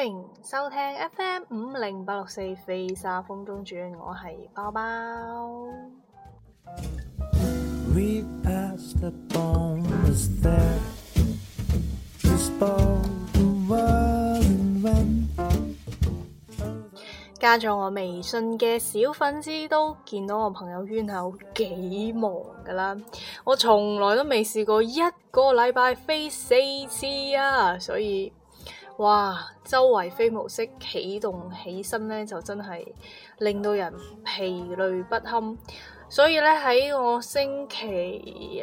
歡迎收聽 FM 五零八六四飛沙風中轉，我係包包。加咗我微信嘅小粉絲都見到我朋友圈有幾忙噶啦，我從來都未試過一個禮拜飛四次啊，所以。哇！周圍飛模式啟動起身呢，就真係令到人疲累不堪。所以呢，喺我星期日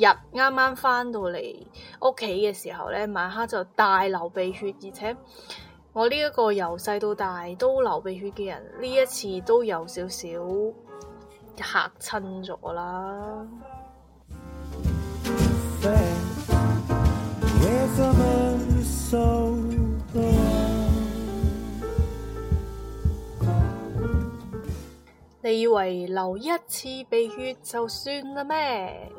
啱啱翻到嚟屋企嘅時候呢，晚黑就大流鼻血，而且我呢一個由細到大都流鼻血嘅人，呢一次都有少少嚇親咗啦。 你以為流一次鼻血就算啦咩？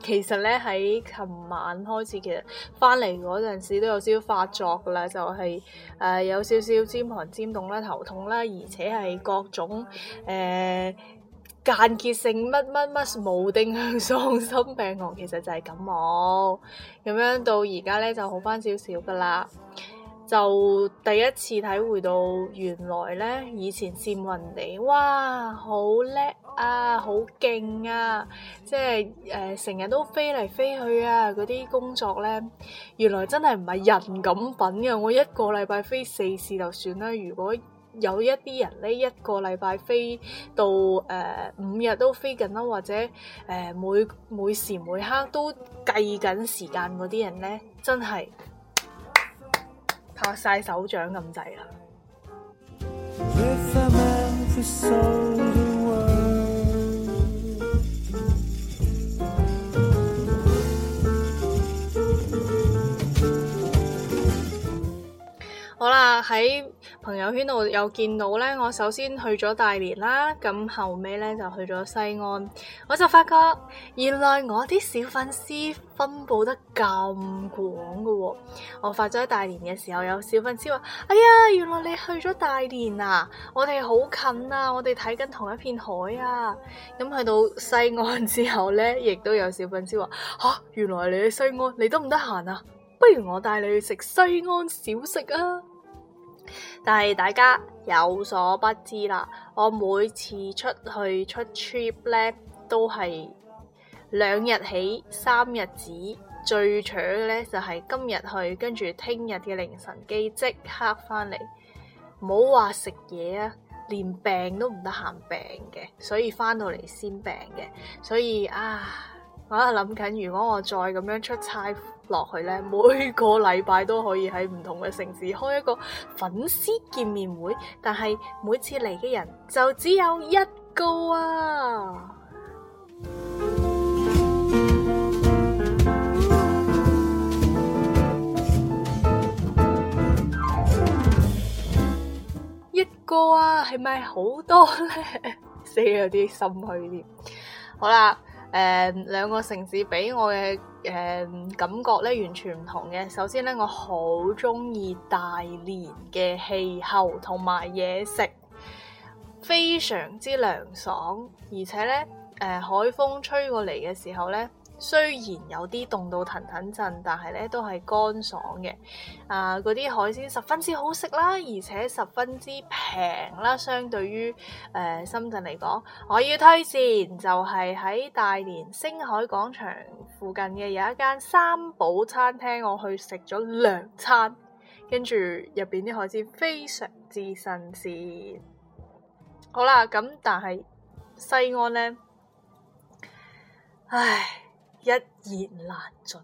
其實咧喺琴晚開始，其實翻嚟嗰陣時都有少少發作噶啦，就係、是、誒、呃、有少少尖寒尖凍啦、頭痛啦，而且係各種誒。呃間歇性乜乜乜冇定向喪心病狂，其實就係感冒。咁、哦、樣到而家咧就好翻少少噶啦，就第一次體會到原來咧以前羨慕人哋，哇，好叻啊，好勁啊，即係誒成日都飛嚟飛去啊嗰啲工作咧，原來真係唔係人噉品嘅。我一個禮拜飛四次就算啦，如果有一啲人呢，一個禮拜飛到誒、呃、五日都飛緊啦，或者誒、呃、每每時每刻都計緊時間嗰啲人呢，真係 拍晒手掌咁滯啦！ 好啦，喺。朋友圈度有見到咧，我首先去咗大連啦，咁後尾咧就去咗西安，我就發覺原來我啲小粉絲分布得咁廣㗎喎、哦！我發咗喺大連嘅時候，有小粉絲話：哎呀，原來你去咗大連啊！我哋好近啊，我哋睇緊同一片海啊！咁去到西安之後咧，亦都有小粉絲話：嚇、啊，原來你去西安，你得唔得閒啊？不如我帶你去食西安小食啊！但係大家有所不知啦，我每次出去出 trip 咧，都係兩日起三日止，最 short 嘅咧就係、是、今日去，跟住聽日嘅凌晨機即刻翻嚟，唔好話食嘢啊，連病都唔得閒病嘅，所以翻到嚟先病嘅，所以啊，我喺度諗緊，如果我再咁樣出差。落去咧，每個禮拜都可以喺唔同嘅城市開一個粉絲見面會，但係每次嚟嘅人就只有一個啊，一個啊，係咪好多咧？死咗啲心虛添，好啦。誒、uh, 兩個城市俾我嘅誒、uh, 感覺咧，完全唔同嘅。首先咧，我好中意大連嘅氣候同埋嘢食，非常之涼爽，而且咧誒、呃、海風吹過嚟嘅時候咧。雖然有啲凍到騰騰震，但係咧都係乾爽嘅。啊、呃，嗰啲海鮮十分之好食啦，而且十分之平啦，相對於誒、呃、深圳嚟講，我要推薦就係、是、喺大連星海廣場附近嘅有一間三寶餐廳，我去食咗兩餐，跟住入邊啲海鮮非常之新鮮。好啦，咁但係西安呢？唉～一言難盡，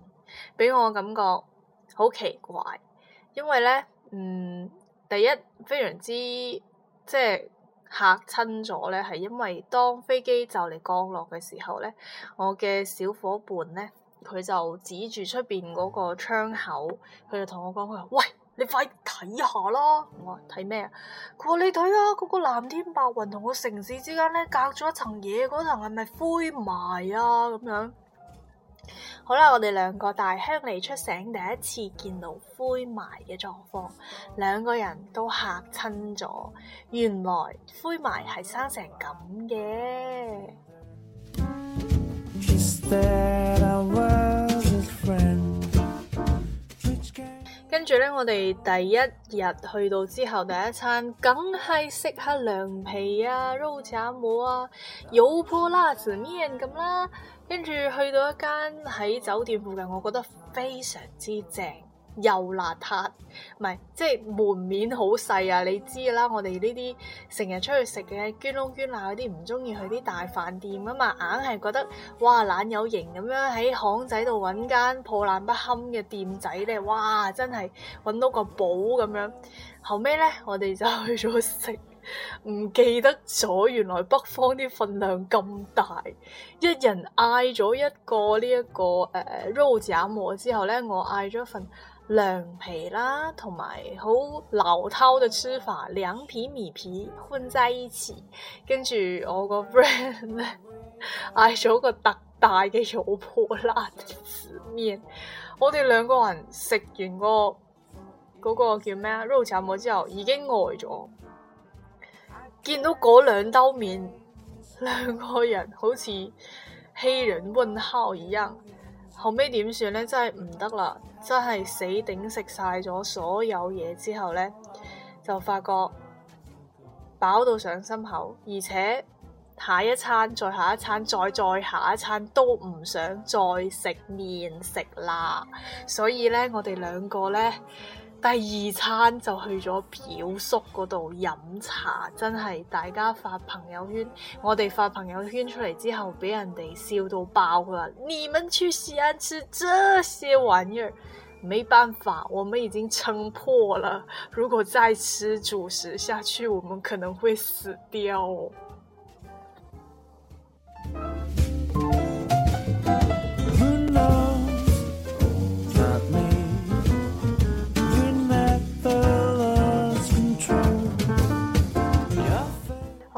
畀我感覺好奇怪，因為咧，嗯，第一非常之即係嚇親咗咧，係因為當飛機就嚟降落嘅時候咧，我嘅小伙伴咧，佢就指住出邊嗰個窗口，佢就同我講佢話：喂，你快睇下啦！我話睇咩啊？佢話你睇啊，嗰個藍天白雲同個城市之間咧，隔咗一層嘢，嗰層係咪灰霾啊？咁樣。好啦，我哋兩個大鄉嚟出城，第一次見到灰霾嘅狀況，兩個人都嚇親咗。原來灰霾係生成咁嘅。 跟住咧，我哋第一日去到之後，第一餐梗係食下涼皮啊、肉夾饃啊、油潑辣子麵咁啦。跟住去到一間喺酒店附近，我覺得非常之正又邋遢，唔係即係門面好細啊！你知㗎啦，我哋呢啲成日出去食嘅、捐窿捐罅嗰啲，唔中意去啲大飯店啊嘛，硬係覺得哇懶有型咁樣喺巷仔度揾間破爛不堪嘅店仔咧，哇真係揾到個寶咁樣。後尾呢，我哋就去咗食。唔記得咗，原來北方啲份量咁大，一人嗌咗一個呢、這、一個誒肉夾饃之後咧，我嗌咗份涼皮啦，同埋好老偷嘅吃法，兩片米皮混在一起，跟住我個 friend 嗌咗個特大嘅油潑辣子麵，我哋兩個人食完、那個嗰、那個叫咩啊肉夾饃之後，已經呆咗。見到嗰兩兜面，兩個人好似欺人問號一樣，後尾點算呢？真係唔得啦，真係死頂食晒咗所有嘢之後呢，就發覺飽到上心口，而且下一餐再下一餐再再下一餐都唔想再食麵食啦，所以呢，我哋兩個呢。第二餐就去咗表叔嗰度飲茶，真係大家發朋友圈，我哋發朋友圈出嚟之後，畀人哋笑到爆啦！你們去西安吃這些玩意兒，沒辦法，我們已經撐破了，如果再吃主食下去，我們可能會死掉哦。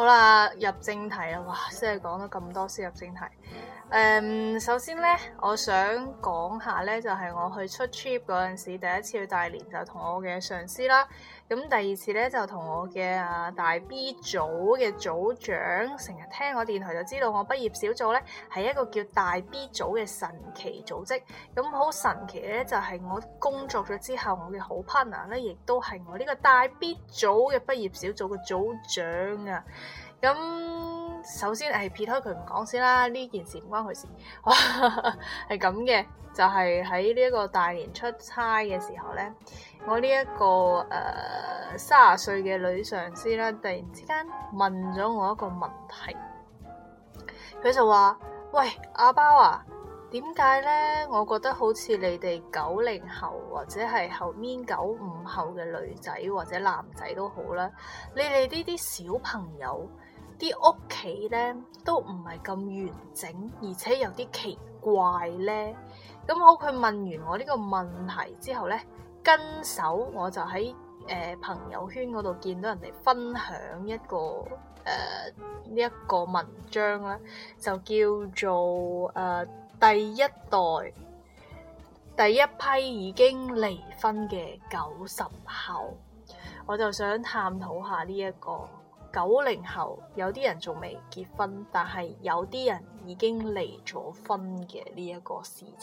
好啦，入正題啦，哇，即係講咗咁多先入正題。誒、um，首先呢，我想講下呢，就係、是、我去出 trip 嗰陣時，第一次去大連就同我嘅上司啦。咁第二次咧就同我嘅啊大 B 組嘅組長，成日聽我電台就知道我畢業小組咧係一個叫大 B 組嘅神奇組織。咁好神奇咧就係、是、我工作咗之後，我嘅好 partner 咧亦都係我呢個大 B 組嘅畢業小組嘅組長啊。咁首先，誒撇開佢唔講先啦，呢件事唔關佢事。係咁嘅，就係喺呢一個大連出差嘅時候呢。我呢、這、一個誒三十歲嘅女上司咧，突然之間問咗我一個問題。佢就話：喂，阿包啊，點解呢？我覺得好似你哋九零後或者係後面九五後嘅女仔或者男仔都好啦，你哋呢啲小朋友。啲屋企呢，都唔係咁完整，而且有啲奇怪呢。咁好，佢問完我呢個問題之後呢，跟手我就喺朋友圈嗰度見到人哋分享一個呢一個文章啦，就叫做第一代第一批已經離婚嘅九十後。我就想探討下呢一個九零後有啲人仲未結婚，但係有啲人已經離咗婚嘅呢一個事情。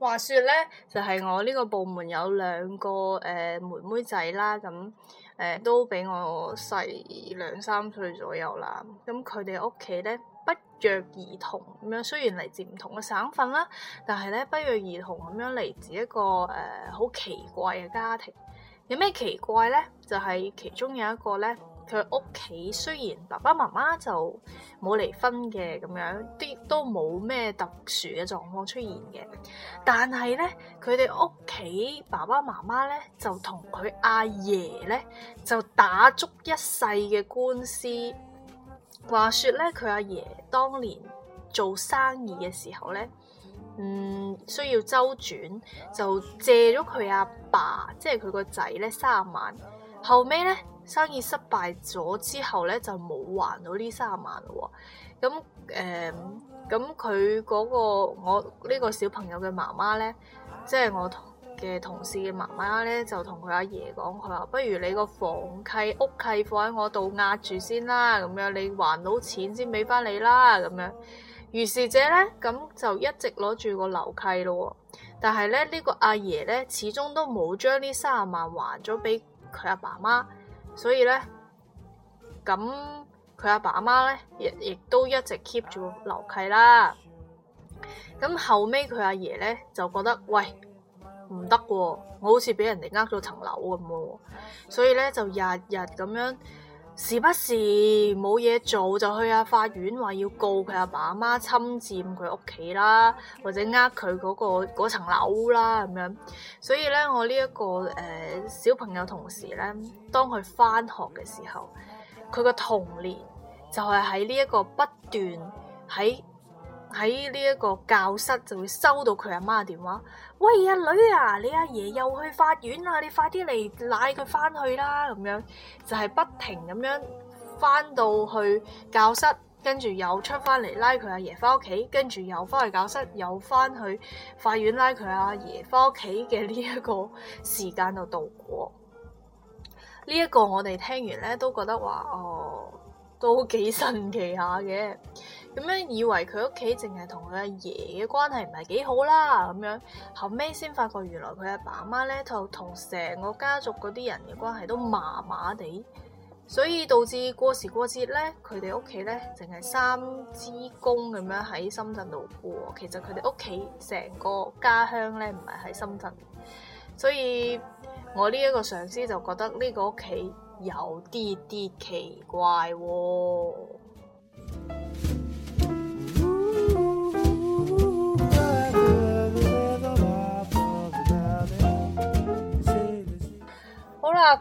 話說咧，就係、是、我呢個部門有兩個誒、呃、妹妹仔啦，咁、呃、誒都比我細兩三歲左右啦。咁佢哋屋企咧不約而同咁樣，雖然嚟自唔同嘅省份啦，但係咧不約而同咁樣嚟自一個誒好、呃、奇怪嘅家庭。有咩奇怪咧？就係、是、其中有一個咧。佢屋企雖然爸爸媽媽就冇離婚嘅咁樣，啲都冇咩特殊嘅狀況出現嘅，但係咧佢哋屋企爸爸媽媽咧就同佢阿爺咧就打足一世嘅官司。話說咧，佢阿爺當年做生意嘅時候咧，嗯，需要周轉就借咗佢阿爸，即係佢個仔咧三萬，後尾咧。生意失敗咗之後呢，就冇還到呢三十萬喎。咁誒，咁佢嗰個我呢個小朋友嘅媽媽呢，即係我嘅同事嘅媽媽呢，就同佢阿爺講佢話，不如你個房契屋契放喺我度押住先啦，咁樣你還到錢先俾翻你啦。咁樣於是者呢，咁就一直攞住個樓契咯。但係呢，呢個阿爺呢，始終都冇將呢三十萬還咗俾佢阿爸媽。所以咧，咁佢阿爸阿媽咧，亦亦都一直 keep 住樓契啦。咁後尾，佢阿爺咧就覺得，喂，唔得喎，我好似俾人哋呃咗層樓咁喎，啊，所以咧就日日咁樣。時不時冇嘢做就去阿法院話要告佢阿爸阿媽侵佔佢屋企啦，或者呃佢嗰個嗰層樓啦咁樣。所以咧，我呢、這、一個誒、呃、小朋友同時咧，當佢翻學嘅時候，佢嘅童年就係喺呢一個不斷喺。喺呢一個教室，就會收到佢阿媽嘅電話，喂，阿女啊，你阿爺又去法院啦，你快啲嚟拉佢翻去啦，咁樣就係、是、不停咁樣翻到去教室，跟住又出翻嚟拉佢阿爺翻屋企，跟住又翻去教室，又翻去法院拉佢阿爺翻屋企嘅呢一個時間度度過。呢、這、一個我哋聽完咧都覺得話哦、呃，都幾神奇下嘅。咁樣以為佢屋企淨係同佢阿爺嘅關係唔係幾好啦，咁樣後尾先發覺原來佢阿爸阿媽咧，就同成個家族嗰啲人嘅關係都麻麻地，所以導致過時過節咧，佢哋屋企咧淨係三支公咁樣喺深圳度過。其實佢哋屋企成個家鄉咧唔係喺深圳，所以我呢一個上司就覺得呢個屋企有啲啲奇怪喎、哦。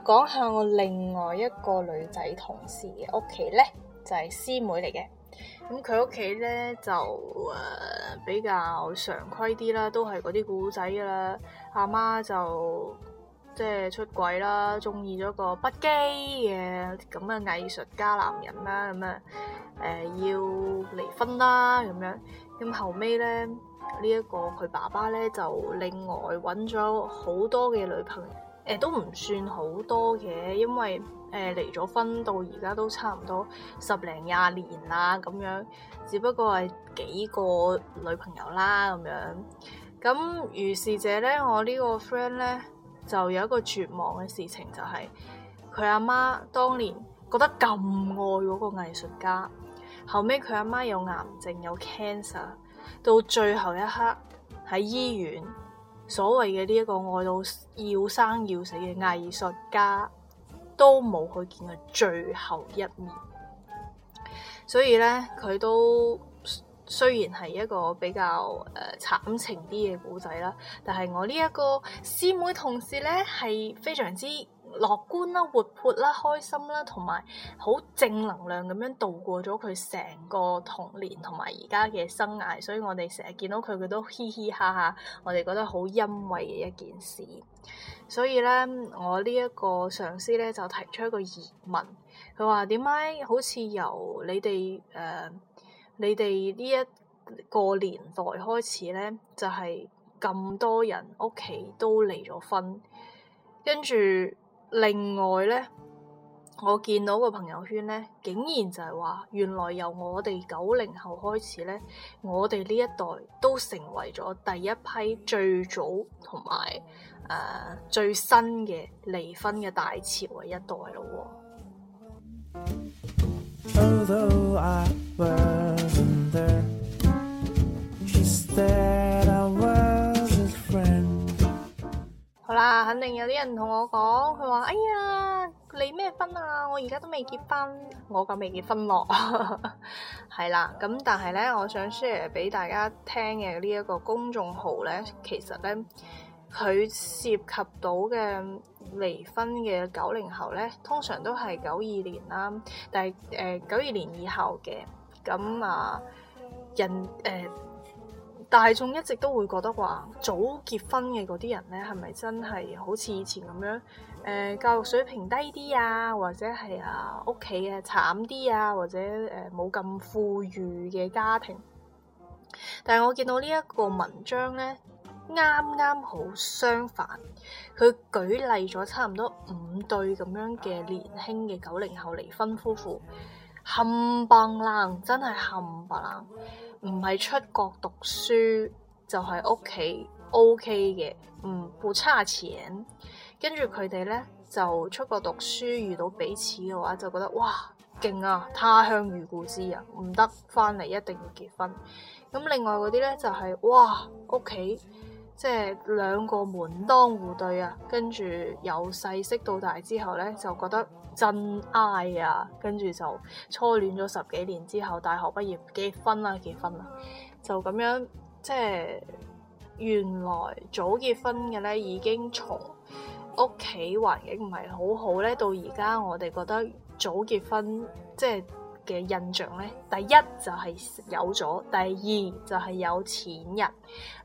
講下我另外一個女仔同事嘅屋企咧，就係師妹嚟嘅。咁佢屋企咧就誒比較常規啲啦，都係嗰啲古仔嘅啦。阿媽就即係出軌啦，中意咗個不羈嘅咁嘅藝術家男人啦，咁啊誒要離婚啦咁樣。咁後尾咧呢一個佢爸爸咧就另外揾咗好多嘅女朋友。誒都唔算好多嘅，因為誒離咗婚到而家都差唔多十零廿年啦，咁樣只不過係幾個女朋友啦，咁樣。咁於是者呢，我呢個 friend 呢，就有一個絕望嘅事情，就係，就係佢阿媽當年覺得咁愛嗰個藝術家，後尾，佢阿媽有癌症有 cancer，到最後一刻喺醫院。所謂嘅呢一個愛到要生要死嘅藝術家，都冇去見佢最後一面，所以呢，佢都雖然係一個比較誒、呃、慘情啲嘅古仔啦，但係我呢一個師妹同事呢，係非常之。樂觀啦、活潑啦、開心啦，同埋好正能量咁樣度過咗佢成個童年同埋而家嘅生涯，所以我哋成日見到佢，佢都嘻嘻哈哈，我哋覺得好欣慰嘅一件事。所以咧，我呢一個上司咧就提出一個疑問，佢話點解好似由你哋誒、呃、你哋呢一個年代開始咧，就係、是、咁多人屋企都離咗婚，跟住。另外呢，我見到個朋友圈呢，竟然就係話，原來由我哋九零後開始呢，我哋呢一代都成為咗第一批最早同埋、呃、最新嘅離婚嘅大潮嘅一代咯。啊，肯定有啲人同我講，佢話哎呀，離咩婚啊？我而家都未結婚，我咁未結婚咯，啊，係啦。咁 但係呢，我想 share 俾大家聽嘅呢一個公眾號呢，其實呢，佢涉及到嘅離婚嘅九零後呢，通常都係九二年啦，但係誒九二年以後嘅，咁啊人誒。呃大眾一直都會覺得話早結婚嘅嗰啲人咧，係咪真係好似以前咁樣？誒、呃，教育水平低啲啊，或者係啊，屋企嘅慘啲啊，或者誒冇咁富裕嘅家庭。但係我見到呢一個文章咧，啱啱好相反，佢舉例咗差唔多五對咁樣嘅年輕嘅九零後離婚夫婦，冚唪冷，真係冚唪冷。唔係出國讀書就係屋企 OK 嘅，唔會差錢。跟住佢哋呢，就出國讀書遇到彼此嘅話，就覺得哇勁啊！他鄉如故知啊，唔得翻嚟一定要結婚。咁另外嗰啲呢，就係哇屋企，即係兩個門當戶對啊。跟住由細識到大之後呢，就覺得。真埃啊，跟住就初戀咗十幾年之後，大學畢業結婚啦，結婚啦，就咁樣即係原來早結婚嘅咧，已經從屋企環境唔係好好咧，到而家我哋覺得早結婚即係嘅印象咧，第一就係有咗，第二就係有錢人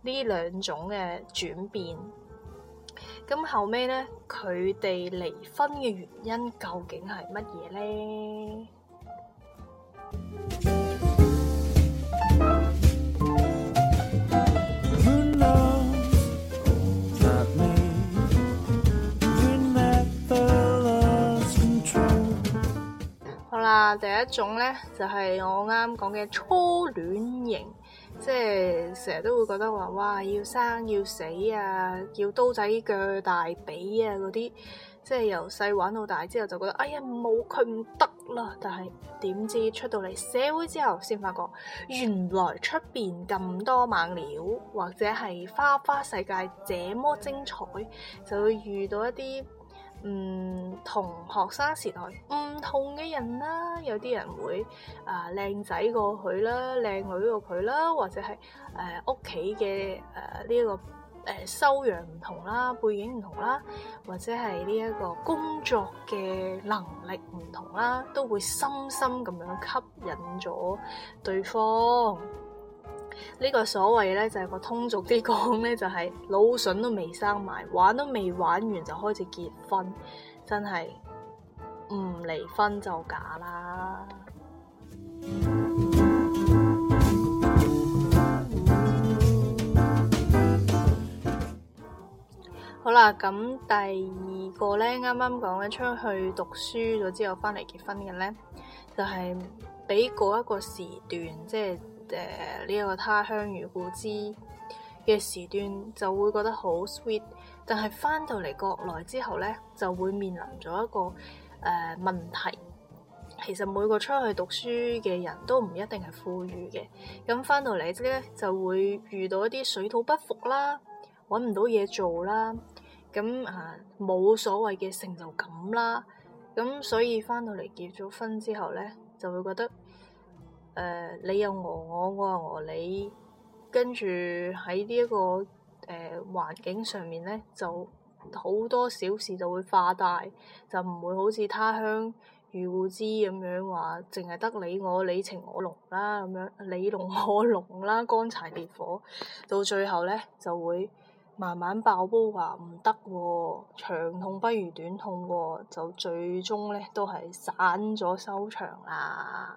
呢兩種嘅轉變。咁後尾咧，佢哋離婚嘅原因究竟係乜嘢咧？好啦，第一種咧，就係我啱講嘅初戀型。即係成日都會覺得話，哇！要生要死啊，要刀仔鋸大髀啊嗰啲，即係由細玩到大之後就覺得，哎呀冇佢唔得啦！但係點知出到嚟社會之後，先發覺原來出邊咁多猛料，或者係花花世界這麼精彩，就會遇到一啲。嗯，同學生時代唔同嘅人啦，有啲人會啊靚仔過佢啦，靚女過佢啦，或者係誒屋企嘅誒呢一個誒修養唔同啦，背景唔同啦，或者係呢一個工作嘅能力唔同啦，都會深深咁樣吸引咗對方。呢個所謂呢，就係、是、個通俗啲講呢，就係、是、腦囟都未生埋，玩都未玩完就開始結婚，真係唔離婚就假啦。 好啦，咁第二個呢，啱啱講嘅出去讀書咗之後翻嚟結婚嘅呢，就係俾嗰一個時段即係。就是誒，呢一、呃，這個他鄉遇故知嘅時段，就會覺得好 sweet。但係翻到嚟國內之後咧，就會面臨咗一個誒、呃、問題。其實每個出去讀書嘅人都唔一定係富裕嘅，咁翻到嚟咧就會遇到一啲水土不服啦，搵唔到嘢做啦，咁啊冇所謂嘅成就感啦，咁所以翻到嚟結咗婚之後咧，就會覺得。呃、你又餓我，我又餓你，跟住喺呢一個誒環、呃、境上面咧，就好多小事就會化大，就唔會好似他鄉遇故知咁樣話，淨係得你我你情我濃啦咁樣，你儂我儂啦，乾柴烈火，到最後咧就會慢慢爆煲，話唔得喎，長痛不如短痛喎、啊，就最終咧都係散咗收場啦。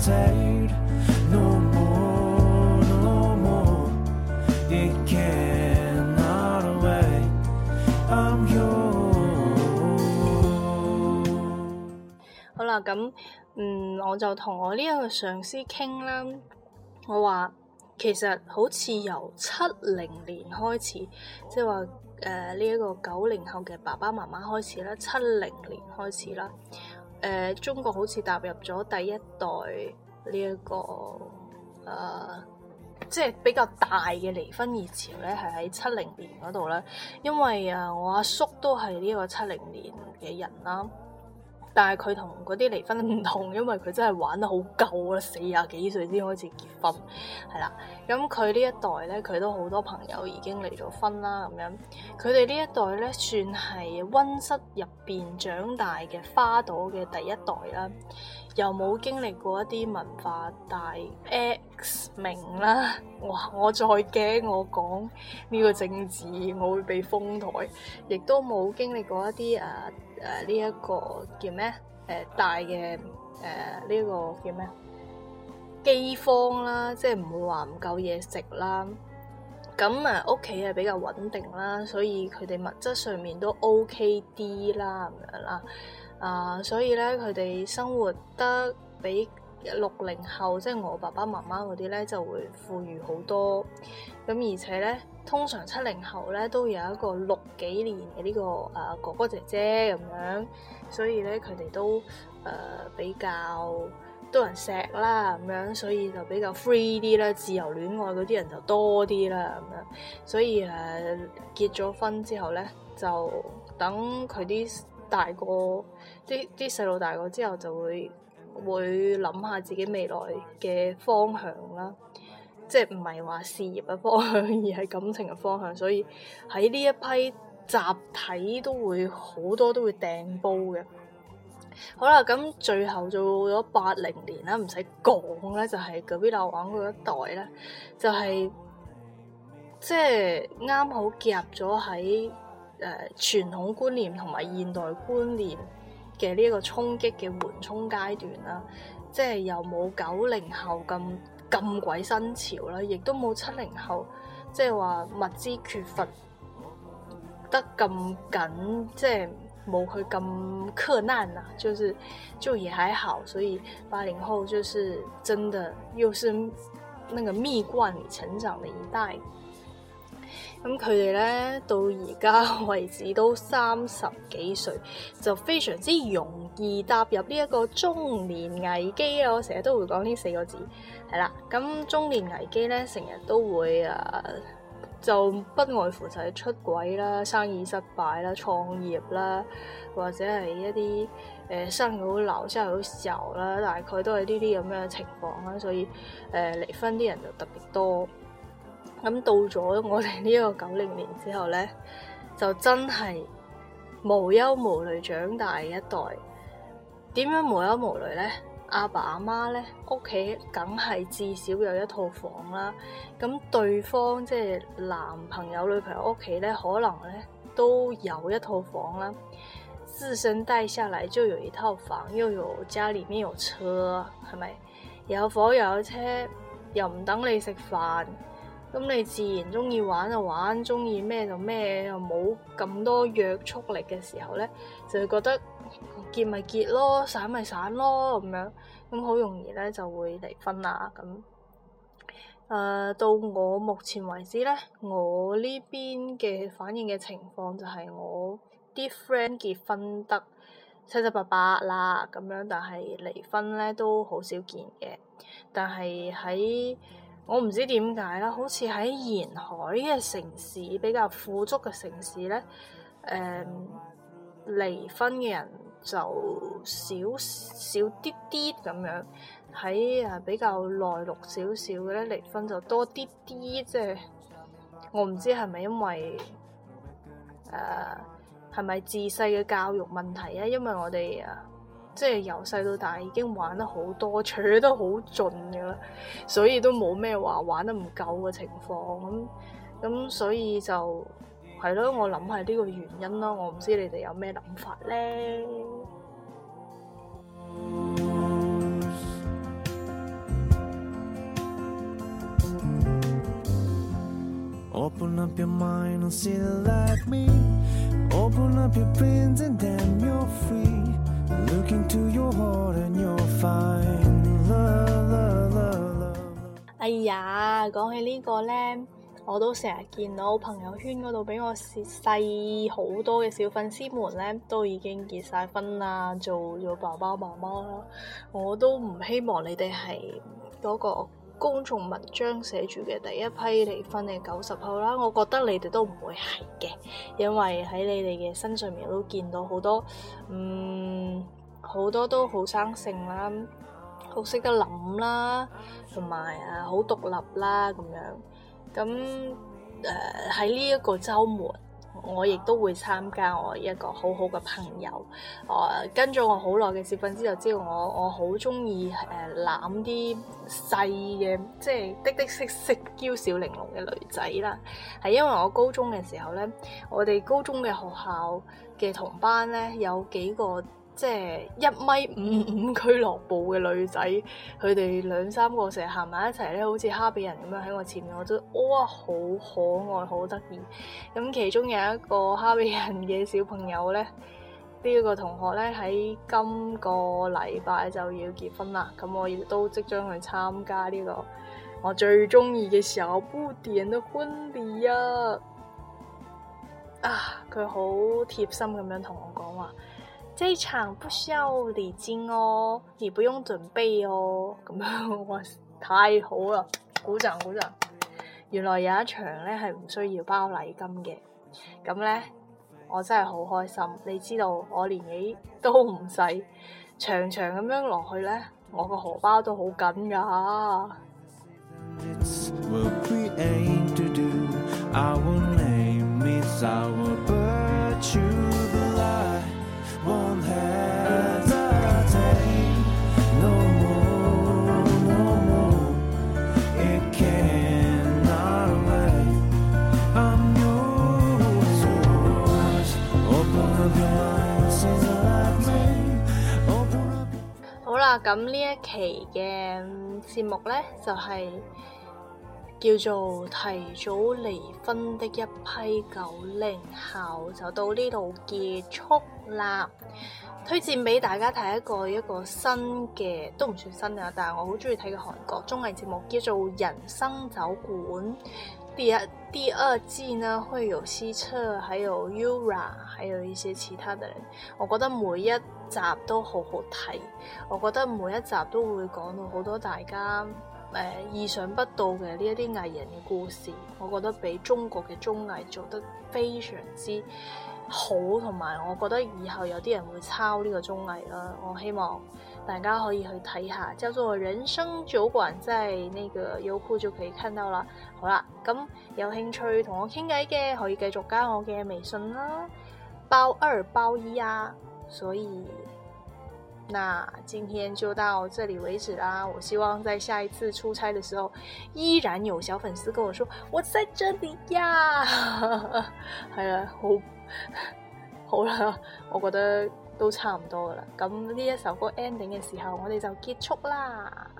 好啦，咁嗯，我就同我呢一個上司傾啦，我話其實好似由七零年開始，即係話誒，呢一個九零後嘅爸爸媽媽開始啦，七零年開始喇。誒、呃，中國好似踏入咗第一代呢、這、一個誒、呃，即係比較大嘅離婚熱潮咧，係喺七零年嗰度啦。因為叔叔啊，我阿叔都係呢個七零年嘅人啦。但係佢同嗰啲離婚唔同，因為佢真係玩得好夠啦，四廿幾歲先開始結婚，係啦。咁佢呢一代呢，佢都好多朋友已經離咗婚啦，咁樣。佢哋呢一代呢，算係溫室入邊長大嘅花朵嘅第一代啦，又冇經歷過一啲文化大 X 明啦。哇！我再驚我講呢個政治，我會被封台，亦都冇經歷過一啲誒。啊。誒，呢一、uh, 呢個叫咩？誒、呃，大嘅誒、呢、呃呢個叫咩？飢荒啦，即係唔會話唔夠嘢食啦。咁啊，屋企係比較穩定啦，所以佢哋物質上面都 OK 啲啦，咁樣啦。啊、呃，所以咧，佢哋生活得比六零後，即係我爸爸媽媽嗰啲咧，就會富裕好多。咁而且咧。通常七零後咧，都有一個六幾年嘅呢、這個啊哥哥姐姐咁樣，所以咧，佢哋都誒、呃、比較多人錫啦咁樣，所以就比較 free 啲啦，自由戀愛嗰啲人就多啲啦咁樣，所以誒結咗婚之後咧，就等佢啲大個，啲啲細路大個之後就會會諗下自己未來嘅方向啦。即係唔係話事業嘅方向，而係感情嘅方向，所以喺呢一批集體都會好多都會掟煲嘅。好啦，咁最後做咗八零年啦，唔使講咧，就係隔壁拉玩嗰一代咧，就係即係啱好夾咗喺誒傳統觀念同埋現代觀念嘅呢一個衝擊嘅緩衝階段啦，即係又冇九零後咁。咁鬼新潮啦，亦都冇七零後，即係話物資缺乏得咁緊，即係冇佢咁困難啊，就是就也還好，所以八零後就是真的，又是那個蜜罐裏成長的一代。咁佢哋咧到而家為止都三十幾歲，就非常之容易踏入呢一個中年危機啊！我成日都會講呢四個字係啦。咁中年危機咧，成日都會啊，就不外乎就係出軌啦、生意失敗啦、創業啦，或者係一啲誒新好流、新好潮啦，大概都係呢啲咁樣嘅情況啦。所以誒呃、離婚啲人就特別多。咁到咗我哋呢個九零年之後呢，就真係無憂無慮長大一代。點樣無憂無慮呢？阿爸阿媽呢，屋企梗係至少有一套房啦。咁對方即係、就是、男朋友、女朋友屋企呢，可能呢都有一套房啦。自身帶下嚟，就有一套房，又有家裏面有車，係咪？有房又有車，又唔等你食飯。咁你自然鍾意玩就玩，鍾意咩就咩，又冇咁多約束力嘅時候咧，就會覺得結咪結咯，散咪散咯咁樣，咁好容易咧就會離婚啦咁。誒、呃，到我目前為止咧，我呢邊嘅反應嘅情況就係我啲 friend 結婚得七七八八啦咁樣，但係離婚咧都好少見嘅，但係喺我唔知點解啦，好似喺沿海嘅城市比較富足嘅城市咧，誒，離婚嘅人就少少啲啲咁樣，喺啊比較內陸少少嘅咧離婚就多啲啲，即係我唔知係咪因為誒，係咪自細嘅教育問題啊，因為我哋啊。即係由細到大已經玩得好多，取得好盡㗎啦，所以都冇咩話玩得唔夠嘅情況咁咁，所以就係咯，我諗係呢個原因咯。我唔知你哋有咩諗法咧？Look into your heart, and you'll find love, love, love. 哎呀，講起呢個呢，我都成日見到朋友圈嗰度俾我細好多嘅小粉絲們呢，都已經結晒婚啦，做咗爸爸媽媽啦，我都唔希望你哋係嗰個。公眾文章寫住嘅第一批離婚嘅九十後啦，我覺得你哋都唔會係嘅，因為喺你哋嘅身上面都見到好多，嗯，好多都好生性啦，好識得諗啦，同埋啊好獨立啦咁樣，咁誒喺呢一個週末。我亦都會參加我一個好好嘅朋友，呃、跟我跟咗我好耐嘅視粉之後，知道我我好中意誒攬啲細嘅，即係滴滴色色、嬌小玲瓏嘅女仔啦。係因為我高中嘅時候呢，我哋高中嘅學校嘅同班呢，有幾個，即係一米五五俱樂部嘅女仔，佢哋兩三個成日行埋一齊咧，好似哈比人咁樣喺我前面，我都哇，好可愛，好得意。咁其中有一個哈比人嘅小朋友咧，呢個同學咧喺今個禮拜就要結婚啦，咁我亦都即將去參加呢個我最中意嘅小不點嘅婚禮啊！啊，佢好貼心咁樣同我講話。這一場不需要禮金哦，你不用準備哦，咁樣我太好啦，鼓掌鼓掌！原來有一場呢係唔需要包禮金嘅，咁呢，我真係好開心。你知道我年紀都唔細，場場咁樣落去呢，我個荷包都好緊噶。啊！咁呢一期嘅節目呢，就係叫做提早離婚的一批九零後，就到呢度結束啦。推薦俾大家睇一個一個新嘅，都唔算新啊，但係我好中意睇嘅韓國綜藝節目，叫做《人生酒館》。第二第二季呢會有希澈，還有 Yura，還有一些其他的人。我覺得每一集都好好睇，我覺得每一集都會講到好多大家誒、呃、意想不到嘅呢一啲藝人嘅故事。我覺得比中國嘅綜藝做得非常之好，同埋我覺得以後有啲人會抄呢個綜藝啦。我希望。大家可以去睇下，叫做《人生酒館》，在那個優酷就可以看到了。好啦，咁有興趣同我傾偈嘅可以繼續加我嘅微信啦，包二包一啊！所以，那今天就到這裏為止啦。我希望在下一次出差的時候，依然有小粉絲跟我說我在這裏呀。係 啊，好好啦、啊，我覺得。都差唔多啦，咁呢一首歌 ending 嘅時候，我哋就結束啦。